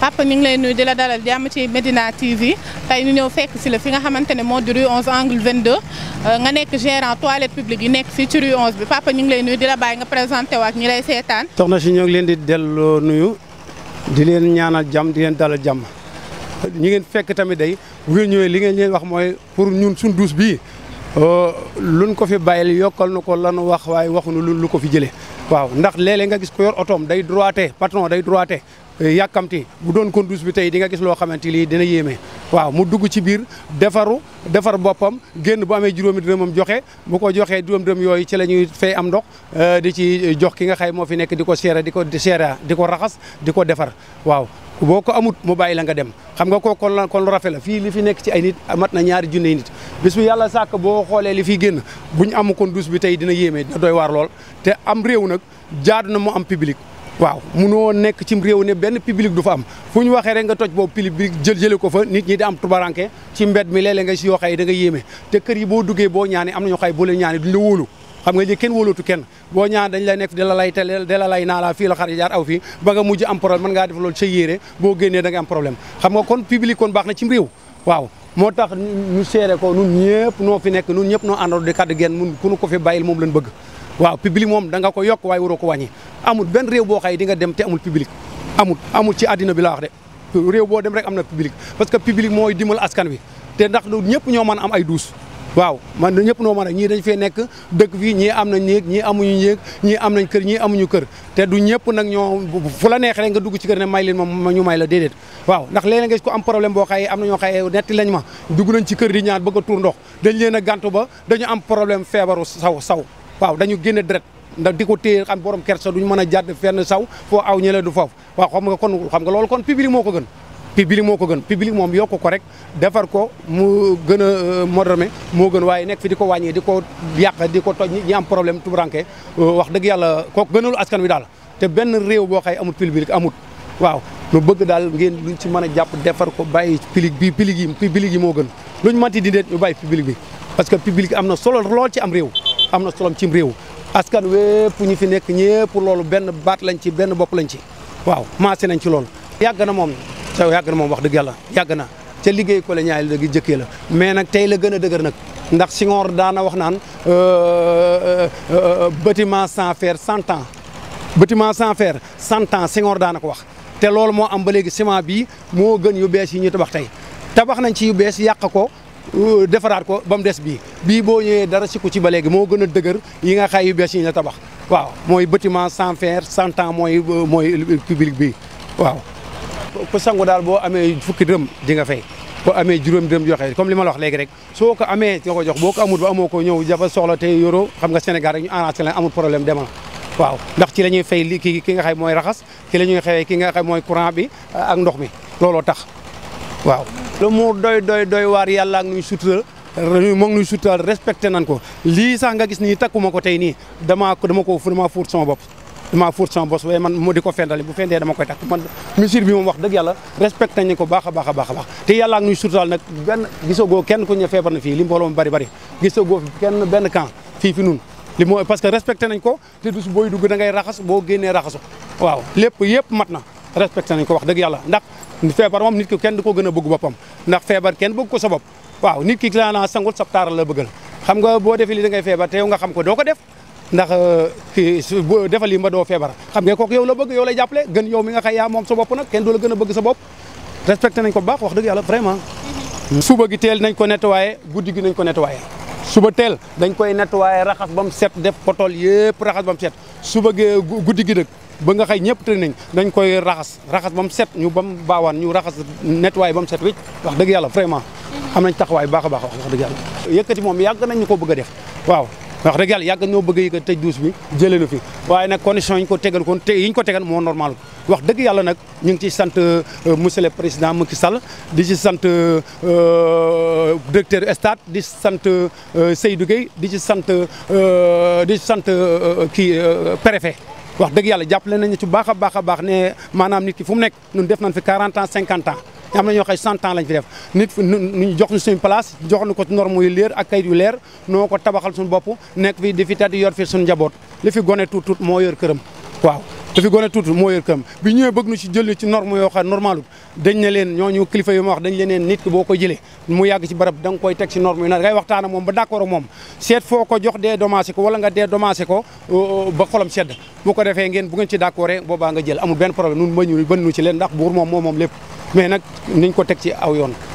papa ñu ngi lay nuyu di la dalal jàmm ci Medina TV tey ñu ñëw fekk si la fi nga xamante ne moo di rue 11 angle 22 euh, nga nekk gérant toilette publique yi nekk fii ci rue 11 bi papa ñu ngi lay nuyu di la bàyyi nga présenté waat ñi lay seetaan. soxna si ñoo ngi leen di delloo nuyu di leen ñaanal jàmm di leen dalal jàmm. ñu ngeen fekk tamit day bu ñëwee li ngeen leen wax mooy pour ñun suñ duus bii euh, luñ ko fi bàyyil yokkal na ko lanu wax waaye waxuñu lu ko fi jëlee waaw ndax léeg nga gis ko yor otoom day droité patron day droité euh, yàkkamti bu doon kon duus bi tey di nga gis loo xamante lii dina yéeme waaw mu dugg ci biir defaru defar boppam génn boo amee juróomi moom joxe bu ko joxee juróom dërëm yooyu ci la ñuy fay am ndox euh, di ci jox ki nga xay moo fi nekk di ko seera di ko seera di ko raxas di ko defar waaw boo ko amut mu bàyyi la nga dem xam nga ko kon kon lu rafet la fii li fi nekk ci ay nit mat na ñaari junne nit bis yàlla sàkk boo xoolee li fiy génn buñ amu kon douche bi tey dina yéeme dina doy waar lool te am réew nag jaadu na mu am public waaw mun munoo nekk cim réew ne benn public du fa am fu ñu waxee rek nga toj boobu public jël jële ko fa nit ñi am tubaranke ci mbed mi léeg nga si yoo xay da nga yéeme te kër yi boo duggee boo ñaanee am na ñoo xay boo leen ñaanee duñ la xam nga ñi kenn wóolootu kenn boo ñaan dañ lay nekk di la lay teel di la lay naala fii la xar yi jaar aw fii ba mujj am problème mën ngaa def loolu sa yéere boo génnee da am problème xam nga kon public kon baax na moo tax ñu seere ko nun ñëpp noo fi nekk nun ñëpp noo àndandoo di kaddu genn mun ku nu moom lañ bëgg waaw public moom da nga ko yokk waaye waroo ko wàññi amul benn réew boo xay di nga dem te amul public amul amul ci àddina bi la wax de réew boo dem rek am na public parce que public mooy dimal askan wi te ndax ñëpp ñoo mën am ay douche waaw man da ñëpp noo man a ñii dañ fee nekk dëkk fii ñii am na néeg ñii amuñu néeg ñii am nañ kër ñii amuñu kër te du ñëpp nag ñoo fu la neex rek nga dugg ci kër ne may leen ma ñu may la déedéet waaw ndax léeg-léeg nga am problème boo xaye am na ñoo xaye netti lañ ma dugg ci kër di ñaan bëgg tuur ndox dañ leen a ba dañu am problème feebaru saw saw waaw dañu génne deret ndax di ko téye xam borom kersa duñ mën a jàdd fenn saw foo aw ñële du foofu waaw xam nga kon xam nga loolu kon public moo ko gën public moo ko gën public moom yokk ko rek defar ko mu gën a euh, moderne moo gën waaye nekk fi di ko wàññi di ko yàq di ko toj ñi am problème tumuranke euh, wax dëgg yàlla kooku gënalu askan wi daal te benn réew boo xay amut public amut waaw nu bëgg daal ngeen luñ ci mën a jàpp defar ko bàyyi public bi public yi public yi moo gën luñ manti di deet ñu bàyyi public bi parce que public am na solo lool ci am réew am na solom cim réew askan wépp ñi fi nekk ñëpp loolu benn baat lañ ci benn bopp lañ ci waaw maase nañ ci loolu yàgg na moom xew yàgg na moom wax dëgg yàlla yàgg na te liggéey ko la ñaay la gi jëkkee la mais nag tey la gën a dëgër nag ndax Senghor daana wax naan euh, euh, euh, batiment sans fer cent temps bâtiment sans fer cent ans Senghor daana ko wax te loolu moo am ba léegi ciment bii moo gën yu bees yi ñu tabax tey tabax nañ ci yu bees yàq ko defaraat ko ba mu des bii bii boo ñëwee dara si ku ci ba léegi moo gën a dëgër yi nga xay yu bees yi ñu tabax waaw mooy batiment sans fer cent temps mooy mooy public bi waaw ku sangu daal boo amee fukki dërëm di nga fay ko amee juróom dërëm joxe comme li ma la wax léegi rek soo ko amee nga jox boo ko amut ba amoo ko ñëw jafa soxla te yoroo xam nga Sénégal rek ñu arrangé la amul problème demal waaw ndax ci la ñuy fay li ki ki nga xay mooy raxas ci la ñuy xewee ki nga xam mooy courant bi ak ndox mi looloo tax waaw lu mu doy doy doy waar yàlla ak nuy sutura moo ngi nuy sutural respecté nan ko lii sax nga gis nii takkuma ko tey nii damaa ko dama ko fu dama fuut sama bopp damaa fóot sama bos waaye man mu di ko fendali bu fendee dama koy takk man mesure bi moom wax dëgg yàlla respecté nañ ko baax a baax a baax a baax te yàlla ak ñuy surtaal nag benn gisagoo kenn ku ñu feebar parce que respecté nañ ko te dus booy dugg da ngay raxas boo génnee raxasu waaw lépp na ko wax dëgg yàlla ndax feebar moom nit ki kenn du ko gën a bëgg ndax feebar kenn bëgg ko sa bopp waaw nit ki la naa sangul sab a bëggal xam nga boo defee li da feebar te yow nga xam ko doo ko def ndax kii eh, defal lii mba doo feebar xam nga kook yow la bëgg yow lay jàppale gën yow mi nga xay yaa moom sa bopp nag kenn du la gën a bëgg sa bopp respecté nañ ko bu baax wax dëgg yàlla vraiment mhm. suba gi teel nañ ko nettoyé guddi gi nañ ko nettoyé suba teel dañ koy nettoyé raxas ba mu set def potol yëpp raxas ba mu set suba gee guddi gi nag ba nga xay ñëpp tëj nañ dañ koy raxas raxas ba mu ñu ba mu baawaan ñu raxas nettoyé ba mu set wécc wax dëgg yàlla vraiment mhm. am nañ taxawaay bu baax a baax wax dëgg yàlla yëkkati moom yàgg nañ ko bëgg a def waaw wax dëgg yàlla yàgg ñoo bëgg yi ko tëj duus bi jëlee nu fi waaye nag condition yi ñu ko tegal kon te yi ñu ko tegal moo normal wax dëgg yàlla nag ñu ngi ciy sant euh, monsieur le président Macky Sall di ci sant euh, euh, directeur stade di ci sant Seydou di ci sant di sant kii préfet wax dëgg yàlla jàppale nañu ci baax a baax a baax ne maanaam nit ki fu mu nekk ñun def nañ fi 40 cinquante 50 am nañoo ñoo xëy cent ans lañ fi def nit ñu jox ñu suñu place jox ñu ko norme yu leer ak kayit yu leer noo ko tabaxal suñu bopp nekk fi di fi tati yor fi suñu njaboot li moo yor këram waaw li fi gone tuut moo yor këram bi ñëwee bëgg nu ci jël yoo xam normalul dañ ne leen ñooñu kilifa yu ma wax dañ leen nit ki boo ko jëlee mu yàgg ci barab da nga koy teg ci norme na ngay waxtaan moom ba d'accord ak moom seet foo ko jox dee dommagé ko wala nga dee dommagé ko ba xolam sedd bu ko defee ngeen bu ngeen ci d'accordé boobaa nga jël amul benn problème nun ma ñu bën ci leen ndax buur moom moo moom lépp mais nag niñ ko teg ci aw yoon.